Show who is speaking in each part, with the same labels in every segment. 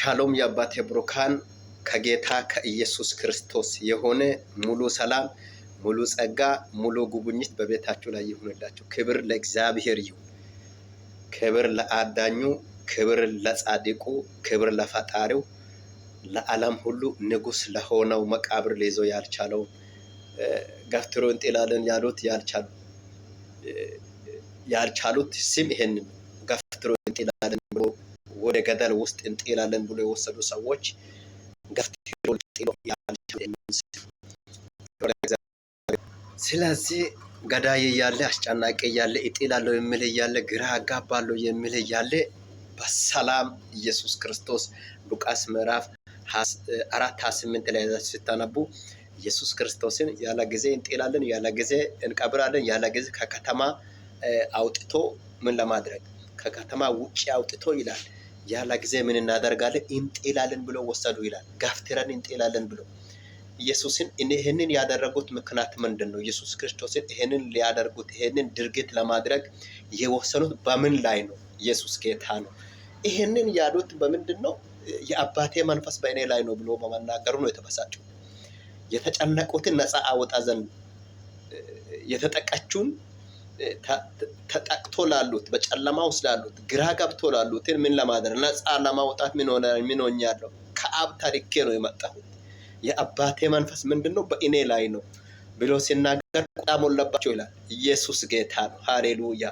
Speaker 1: ሻሎም የአባቴ ብሩካን ከጌታ ከኢየሱስ ክርስቶስ የሆነ ሙሉ ሰላም፣ ሙሉ ጸጋ፣ ሙሉ ጉብኝት በቤታችሁ ላይ ይሁንላችሁ። ክብር ለእግዚአብሔር ይሁን። ክብር ለአዳኙ፣ ክብር ለጻድቁ፣ ክብር ለፈጣሪው፣ ለዓለም ሁሉ ንጉሥ ለሆነው መቃብር ሊይዘው ያልቻለው ገፍትሮ እንጥላለን ያሉት ያልቻሉት ስም ይሄንን ገፍትሮ እንጥላለን ወደ ገደል ውስጥ እንጤላለን ብሎ የወሰዱ ሰዎች ስለዚህ ገዳይ እያለ አስጨናቂ እያለ እጤላለሁ የሚል እያለ ግራ አጋባለሁ የሚል እያለ በሰላም ኢየሱስ ክርስቶስ ሉቃስ ምዕራፍ አራት ሀያ ስምንት ላይ ስታነቡ ኢየሱስ ክርስቶስን ያለ ጊዜ እንጤላለን፣ ያለ ጊዜ እንቀብራለን፣ ያለ ጊዜ ከከተማ አውጥቶ ምን ለማድረግ ከከተማ ውጭ አውጥቶ ይላል። ያላ ጊዜ ምን እናደርጋለን? እንጤላለን ብሎ ወሰዱ ይላል። ጋፍትረን እንጤላለን ብሎ ኢየሱስን ይህንን ያደረጉት ምክንያት ምንድን ነው? ኢየሱስ ክርስቶስን ይህንን ሊያደርጉት ይህንን ድርጊት ለማድረግ የወሰኑት በምን ላይ ነው? ኢየሱስ ጌታ ነው። ይህንን ያሉት በምንድን ነው? የአባቴ መንፈስ በእኔ ላይ ነው ብሎ በመናገሩ ነው የተበሳጩት። የተጨነቁትን ነፃ አወጣ ዘንድ የተጠቀችውን ተጠቅቶ ላሉት በጨለማ ውስጥ ላሉት ግራ ገብቶ ላሉትን ምን ለማድረግ ነፃ ለማውጣት ምን ሆነ ምን ሆኛለሁ? ከአብ ታሪኬ ነው የመጣሁት። የአባቴ መንፈስ ምንድን ነው በእኔ ላይ ነው ብሎ ሲናገር ቁጣ ሞላባቸው ይላል። ኢየሱስ ጌታ ነው። ሃሌሉያ።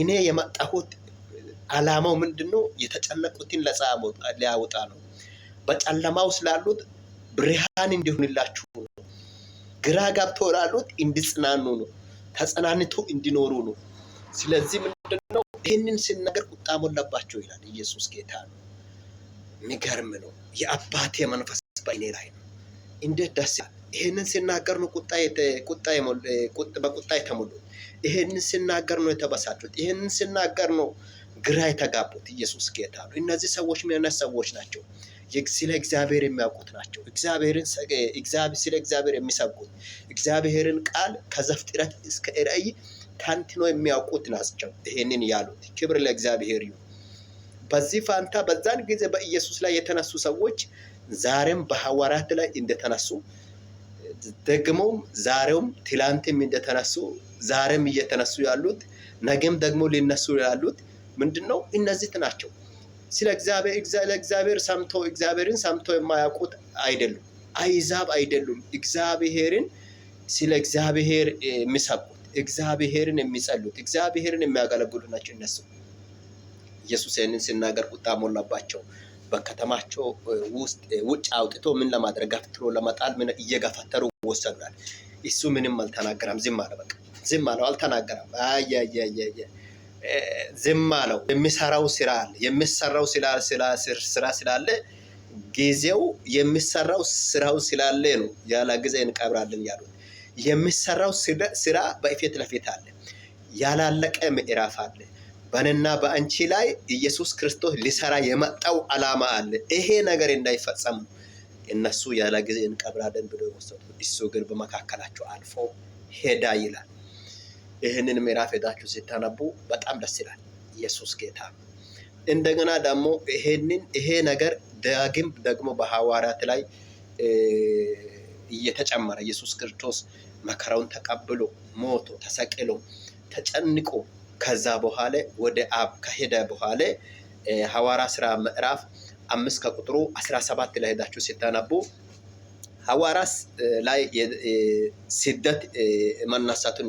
Speaker 1: እኔ የመጣሁት አላማው ምንድን ነው? የተጨነቁትን ነፃ ሊያውጣ ነው። በጨለማ ውስጥ ላሉት ብርሃን እንዲሆንላችሁ ነው። ግራ ገብቶ ላሉት እንዲጽናኑ ነው። ተጸናንቶ እንዲኖሩ ነው። ስለዚህ ምንድነው ይህንን ስናገር ቁጣ ሞላባቸው ይላል ኢየሱስ ጌታ ነው። የሚገርም ነው። የአባቴ መንፈስ በእኔ ላይ ነው። እንዴት ደስ ይህንን ስናገር ነው በቁጣ የተሞሉት። ይህንን ስናገር ነው የተበሳጩት። ይህንን ስናገር ነው ግራ የተጋቡት ኢየሱስ ጌታ ነው። እነዚህ ሰዎች ምን አይነት ሰዎች ናቸው? ስለ እግዚአብሔር የሚያውቁት ናቸው። እግዚአብሔርን ስለ እግዚአብሔር የሚሰብኩት እግዚአብሔርን ቃል ከዘፍጥረት እስከ ራእይ ተንትኖ የሚያውቁት ናቸው። ይሄንን ያሉት ክብር ለእግዚአብሔር ይሁን። በዚህ ፋንታ በዛን ጊዜ በኢየሱስ ላይ የተነሱ ሰዎች ዛሬም በሐዋርያት ላይ እንደተነሱ ደግሞም ዛሬውም ትላንትም እንደተነሱ ዛሬም እየተነሱ ያሉት ነገም ደግሞ ሊነሱ ያሉት ምንድን ነው? እነዚህ ናቸው። ስለ እግዚአብሔር ሰምቶ እግዚአብሔርን ሰምተው የማያውቁት አይደሉም፣ አይዛብ አይደሉም። እግዚአብሔርን ስለ እግዚአብሔር የሚሰብኩት እግዚአብሔርን የሚጸሉት እግዚአብሔርን የሚያገለግሉ ናቸው እነሱ። ኢየሱስ ይህንን ሲናገር ቁጣ ሞላባቸው። በከተማቸው ውስጥ ውጭ አውጥቶ ምን ለማድረግ ገፍትሮ ለመጣል ምን እየገፈተሩ ወሰዷል። እሱ ምንም አልተናገረም። ዝም አለ። በቃ ዝም አለው፣ አልተናገረም። አያያያያ ዝም አለው። የሚሰራው ስራ አለ። የሚሰራው ስራ ስላለ ጊዜው የሚሰራው ስራው ስላለ ነው። ያለ ጊዜ እንቀብራለን ያሉት የሚሰራው ስራ በፊት ለፊት አለ። ያላለቀ ምዕራፍ አለ። በንና በአንቺ ላይ ኢየሱስ ክርስቶስ ሊሰራ የመጣው አላማ አለ። ይሄ ነገር እንዳይፈጸም እነሱ ያለ ጊዜ እንቀብራለን ብሎ የወሰዱ፣ እሱ ግን በመካከላቸው አልፎ ሄዳ ይላል። ይህንን ምዕራፍ ሄዳችሁ ስታነቡ በጣም ደስ ይላል። ኢየሱስ ጌታ። እንደገና ደግሞ ይሄንን ይሄ ነገር ዳግም ደግሞ በሐዋርያት ላይ እየተጨመረ ኢየሱስ ክርስቶስ መከራውን ተቀብሎ ሞቶ ተሰቅሎ ተጨንቆ ከዛ በኋላ ወደ አብ ከሄደ በኋላ ሐዋርያ ስራ ምዕራፍ አምስት ከቁጥሩ አስራ ሰባት ላይ ሄዳችሁ ስታነቡ ሐዋርያት ላይ ስደት መነሳቱን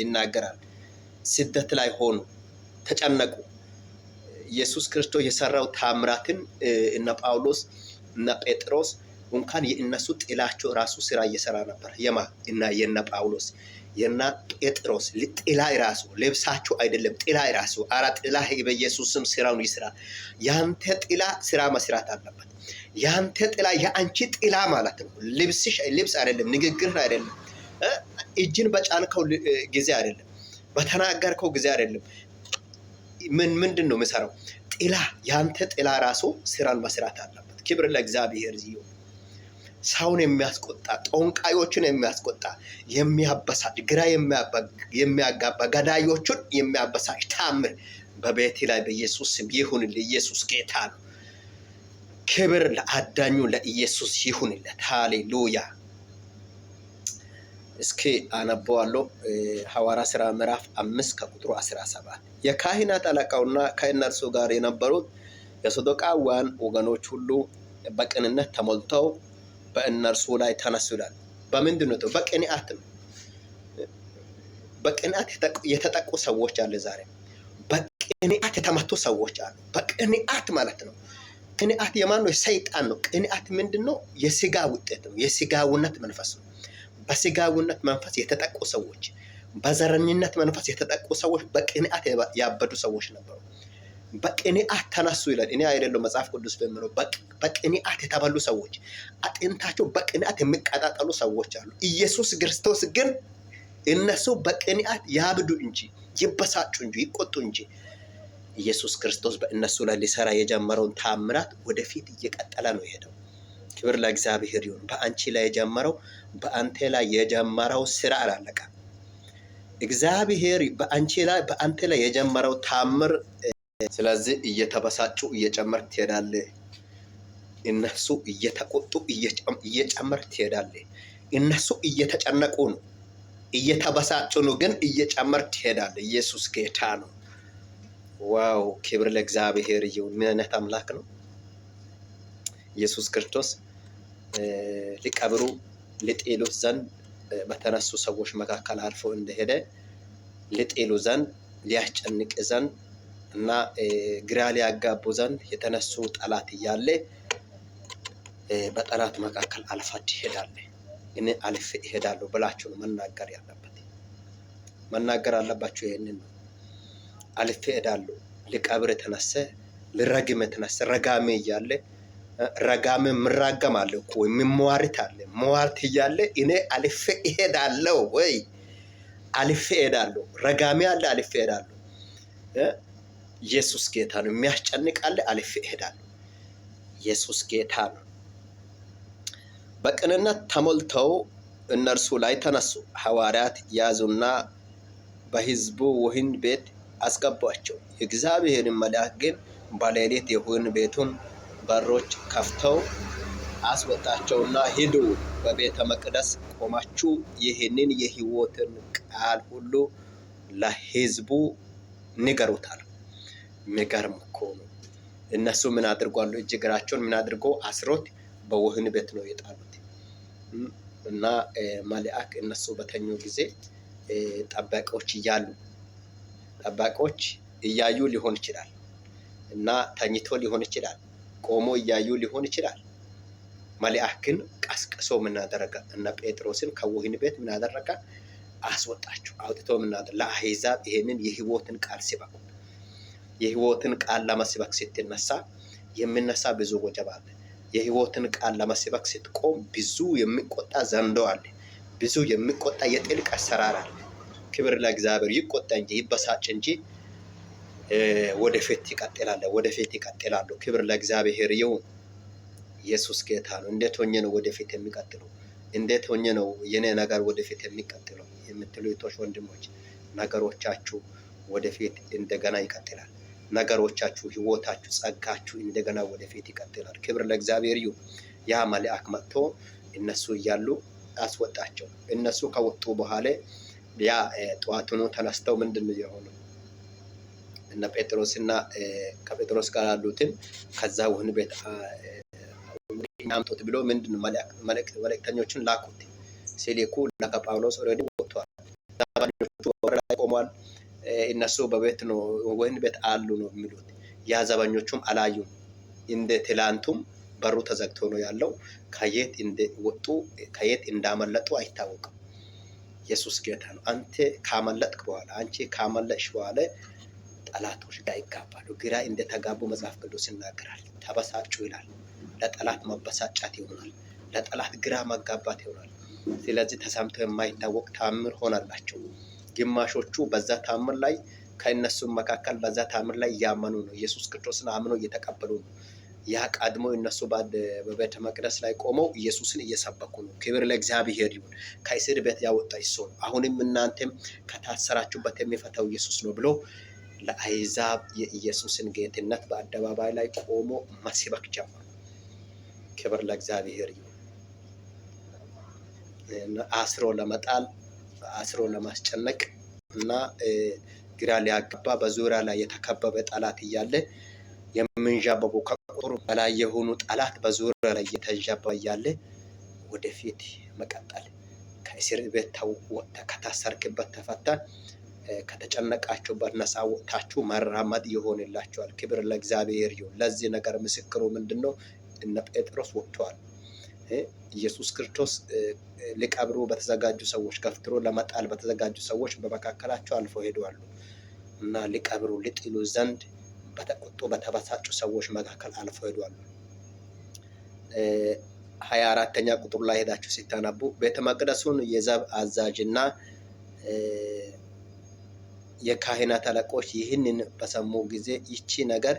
Speaker 1: ይናገራል። ስደት ላይ ሆኑ፣ ተጨነቁ። ኢየሱስ ክርስቶስ የሰራው ታምራትን እነ ጳውሎስ እነ ጴጥሮስ እንኳን የእነሱ ጥላቸው ራሱ ስራ እየሰራ ነበር። የማ እና የነ ጳውሎስ የና ጴጥሮስ ጥላ ራሱ ልብሳችሁ አይደለም ጥላ ራሱ አራ ጥላ በኢየሱስ ስም ስራውን ይስራ። ያንተ ጥላ ስራ መስራት አለበት። ያንተ ጥላ የአንቺ ጥላ ማለት ነው። ልብስሽ ልብስ አይደለም፣ ንግግር አይደለም፣ እጅን በጫንከው ጊዜ አይደለም፣ በተናገርከው ጊዜ አይደለም። ምን ምንድን ነው የምሰራው? ጥላ ያንተ ጥላ ራሱ ስራን መስራት አለበት። ክብር ለእግዚአብሔር ይሁን። ሰውን የሚያስቆጣ ጦንቃዮችን የሚያስቆጣ የሚያበሳጭ ግራ የሚያጋባ ገዳዮቹን የሚያበሳጭ ታምር በቤቴ ላይ በኢየሱስ ስም ይሁንልህ። ኢየሱስ ጌታ ነው። ክብር ለአዳኙ ለኢየሱስ ይሁንለት። ሃሌሉያ። እስኪ አነበዋለሁ። ሐዋራ ስራ ምዕራፍ አምስት ከቁጥሩ አስራ ሰባት የካህናት አለቃውና ከእነርሱ ጋር የነበሩት የሶዶቃውያን ወገኖች ሁሉ በቅንነት ተሞልተው በእነርሱ ላይ ተነሱ ይላል። በምንድን ነው? በቅንአት ነው። በቅንአት የተጠቁ ሰዎች አለ። ዛሬ በቅንአት የተመቱ ሰዎች አሉ። በቅንአት ማለት ነው። ቅንአት የማን ነው? ሰይጣን ነው። ቅንአት ምንድን ነው? የስጋ ውጤት ነው። የስጋውነት መንፈስ ነው። በስጋውነት መንፈስ የተጠቁ ሰዎች፣ በዘረኝነት መንፈስ የተጠቁ ሰዎች፣ በቅንአት ያበዱ ሰዎች ነበሩ። በቅንዓት ተነሱ ይላል። እኔ አይደለው መጽሐፍ ቅዱስ በምለው በቅንዓት የተበሉ ሰዎች አጥንታቸው በቅንዓት የሚቀጣጠሉ ሰዎች አሉ። ኢየሱስ ክርስቶስ ግን እነሱ በቅንዓት ያብዱ እንጂ ይበሳጩ እንጂ ይቆጡ እንጂ ኢየሱስ ክርስቶስ በእነሱ ላይ ሊሰራ የጀመረውን ታምራት ወደፊት እየቀጠለ ነው የሄደው። ክብር ለእግዚአብሔር ይሁን። በአንቺ ላይ የጀመረው በአንቴ ላይ የጀመረው ስራ አላለቀ። እግዚአብሔር በአንቺ ላይ በአንቴ ላይ የጀመረው ታምር ስለዚህ እየተበሳጩ እየጨመር ትሄዳለ እነሱ እየተቆጡ እየጨመር ትሄዳለ እነሱ እየተጨነቁ ነው፣ እየተበሳጩ ነው፣ ግን እየጨመር ትሄዳለ ኢየሱስ ጌታ ነው። ዋው! ክብር ለእግዚአብሔር ይሁን። ምን አይነት አምላክ ነው ኢየሱስ ክርስቶስ ሊቀብሩ ሊጤሉት ዘንድ በተነሱ ሰዎች መካከል አልፎ እንደሄደ ሊጤሉ ዘንድ ሊያስጨንቅ ዘንድ እና ግራ ሊያጋቡ ዘንድ የተነሱ ጠላት እያለ በጠላት መካከል አልፋችሁ ይሄዳለ እኔ አልፍ እሄዳለሁ ብላችሁ ነው መናገር ያለበት። መናገር አለባችሁ ይሄንን ነው። አልፍ እሄዳለሁ ልቀብር የተነሰ ልረግም የተነሰ ረጋሜ እያለ ረጋሜ ምራገም አለ እኮ የሚሟርት አለ መዋርት እያለ እኔ አልፍ እሄዳለሁ ወይ አልፍ እሄዳለሁ ረጋሜ አለ አልፍ እሄዳለሁ ኢየሱስ ጌታ ነው። የሚያስጨንቃለ አልፌ እሄዳለሁ። ኢየሱስ ጌታ ነው። በቅንነት ተሞልተው እነርሱ ላይ ተነሱ። ሐዋርያት ያዙና በሕዝቡ ወህኒ ቤት አስገቧቸው። የእግዚአብሔርን መልአክ ግን በሌሊት የወህኒ ቤቱን በሮች ከፍተው አስወጣቸውና ሂዱ፣ በቤተ መቅደስ ቆማችሁ ይህንን የሕይወትን ቃል ሁሉ ለሕዝቡ ንገሩታል። የሚገርም እኮ ነው። እነሱ ምን አድርጓሉ? እጅ እግራቸውን ምን አድርጎ አስሮት በወህን ቤት ነው የጣሉት። እና መልአክ እነሱ በተኙ ጊዜ ጠባቂዎች እያሉ ጠባቂዎች እያዩ ሊሆን ይችላል እና ተኝቶ ሊሆን ይችላል፣ ቆሞ እያዩ ሊሆን ይችላል። መልአክን ቀስቅሶ ምናደረገ እና ጴጥሮስን ከወህኒ ቤት ምናደረገ አስወጣቸው። አውጥቶ ምናደረ ለአሕዛብ ይሄንን የህይወትን ቃል ሲበቁ የህይወትን ቃል ለመስበክ ስትነሳ የሚነሳ ብዙ ወጀብ አለ። የህይወትን ቃል ለመስበክ ስትቆም ብዙ የሚቆጣ ዘንዶ አለ። ብዙ የሚቆጣ የጥልቅ አሰራር አለ። ክብር ለእግዚአብሔር። ይቆጣ እንጂ ይበሳጭ እንጂ ወደፊት ይቀጥላል፣ ወደፊት ይቀጥላሉ። ክብር ለእግዚአብሔር ይሁን። ኢየሱስ ጌታ ነው። እንዴት ሆኜ ነው ወደፊት የሚቀጥሉ? እንዴት ሆኜ ነው የኔ ነገር ወደፊት የሚቀጥሉ የምትሉ እህቶች ወንድሞች፣ ነገሮቻችሁ ወደፊት እንደገና ይቀጥላል። ነገሮቻችሁ፣ ህይወታችሁ፣ ጸጋችሁ እንደገና ወደፊት ይቀጥላል። ክብር ለእግዚአብሔር ይሁን። ያ መልአክ መጥቶ እነሱ እያሉ አስወጣቸው። እነሱ ከወጡ በኋላ ያ ጠዋቱኑ ተነስተው ምንድን የሆኑ እነ ጴጥሮስ እና ከጴጥሮስ ጋር ያሉትን ከዛ ውህን ቤት አምጡት ብሎ ምንድን ነው መልእክተኞችን ላኩት። ሲልኩ ለከጳውሎስ ኦልሬዲ ወጥቷል። ቆሟል እነሱ በቤት ነው ወይን ቤት አሉ ነው የሚሉት። ያዘበኞቹም አላዩም፣ እንደ ትላንቱም በሩ ተዘግቶ ነው ያለው። ከየት እንደወጡ ከየት እንዳመለጡ አይታወቅም። ኢየሱስ ጌታ ነው። አንተ ካመለጥክ በኋላ አንቺ ካመለጥሽ በኋላ ጠላቶች ጋር ይጋባሉ። ግራ እንደተጋቡ መጽሐፍ ቅዱስ ይናገራል። ተበሳጩ ይላል። ለጠላት መበሳጫት ይሆናል። ለጠላት ግራ መጋባት ይሆናል። ስለዚህ ተሰምቶ የማይታወቅ ታምር ሆናላቸው። ግማሾቹ በዛ ታምር ላይ ከእነሱም መካከል በዛ ታምር ላይ እያመኑ ነው። ኢየሱስ ክርስቶስን አምኖ እየተቀበሉ ነው። ያ ቀድሞ እነሱ በቤተ መቅደስ ላይ ቆመው ኢየሱስን እየሰበኩ ነው። ክብር ለእግዚአብሔር ይሁን። ከእስር ቤት ያወጣ እሱ ነው። አሁንም እናንተም ከታሰራችሁበት የሚፈታው ኢየሱስ ነው ብሎ ለአይዛብ የኢየሱስን ጌትነት በአደባባይ ላይ ቆሞ መስበክ ጀመሩ። ክብር ለእግዚአብሔር ይሁን። አስሮ ለመጣል አስሮ ለማስጨነቅ እና ግራ ሊያጋባ በዙሪያ ላይ የተከበበ ጠላት እያለ የምንዣበቡ ከቁጥር በላይ የሆኑ ጠላት በዙሪያ ላይ የተንዣበበ እያለ ወደፊት መቀጠል ከእስር ቤት ተወጥተ ከታሰርክበት ተፈታ ከተጨነቃችሁበት ነፃ ወጥታችሁ መራመድ ይሆንላችኋል። ክብር ለእግዚአብሔር ይሁን። ለዚህ ነገር ምስክሩ ምንድን ነው? እነ ጴጥሮስ ወጥተዋል። ኢየሱስ ክርስቶስ ሊቀብሩ በተዘጋጁ ሰዎች ገፍትሮ ለመጣል በተዘጋጁ ሰዎች በመካከላቸው አልፎ ሄደዋሉ እና ሊቀብሩ ሊጥሉ ዘንድ በተቆጡ በተበሳጩ ሰዎች መካከል አልፎ ሄደዋሉ። ሀያ አራተኛ ቁጥር ላይ ሄዳችሁ ሲታነቡ ቤተ መቅደሱን የዘብ እና የካህናት አለቆች ይህንን በሰሙ ጊዜ ይቺ ነገር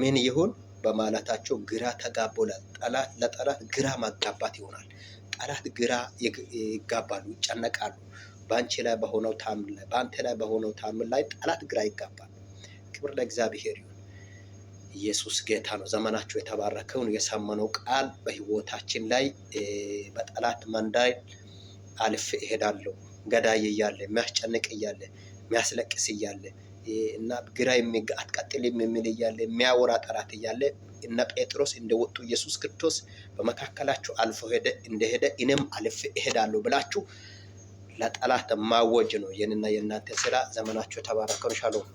Speaker 1: ምን ይሁን በማለታቸው ግራ ተጋቦላል። ጠላት ለጠላት ግራ ማጋባት ይሆናል። ጠላት ግራ ይጋባሉ፣ ይጨነቃሉ። በአንቺ ላይ በሆነው ታምር ላይ በአንተ ላይ በሆነው ታምር ላይ ጠላት ግራ ይጋባል። ክብር ለእግዚአብሔር ይሁን። ኢየሱስ ጌታ ነው። ዘመናቸው የተባረከውን የሰመነው ቃል በህይወታችን ላይ በጠላት መንዳይ አልፍ እሄዳለሁ ገዳይ እያለ የሚያስጨንቅ እያለ የሚያስለቅስ እያለ እና ግራ አትቀጥልም የሚል እያለ የሚያወራ ጠራት እያለ እና ጴጥሮስ እንደወጡ ኢየሱስ ክርስቶስ በመካከላችሁ አልፎ ሄደ እንደሄደ እኔም አልፍ እሄዳለሁ ብላችሁ ለጠላት ማወጅ ነው። ይህንና የእናንተ ስራ። ዘመናቸው የተባረከ ነው። ሻሎም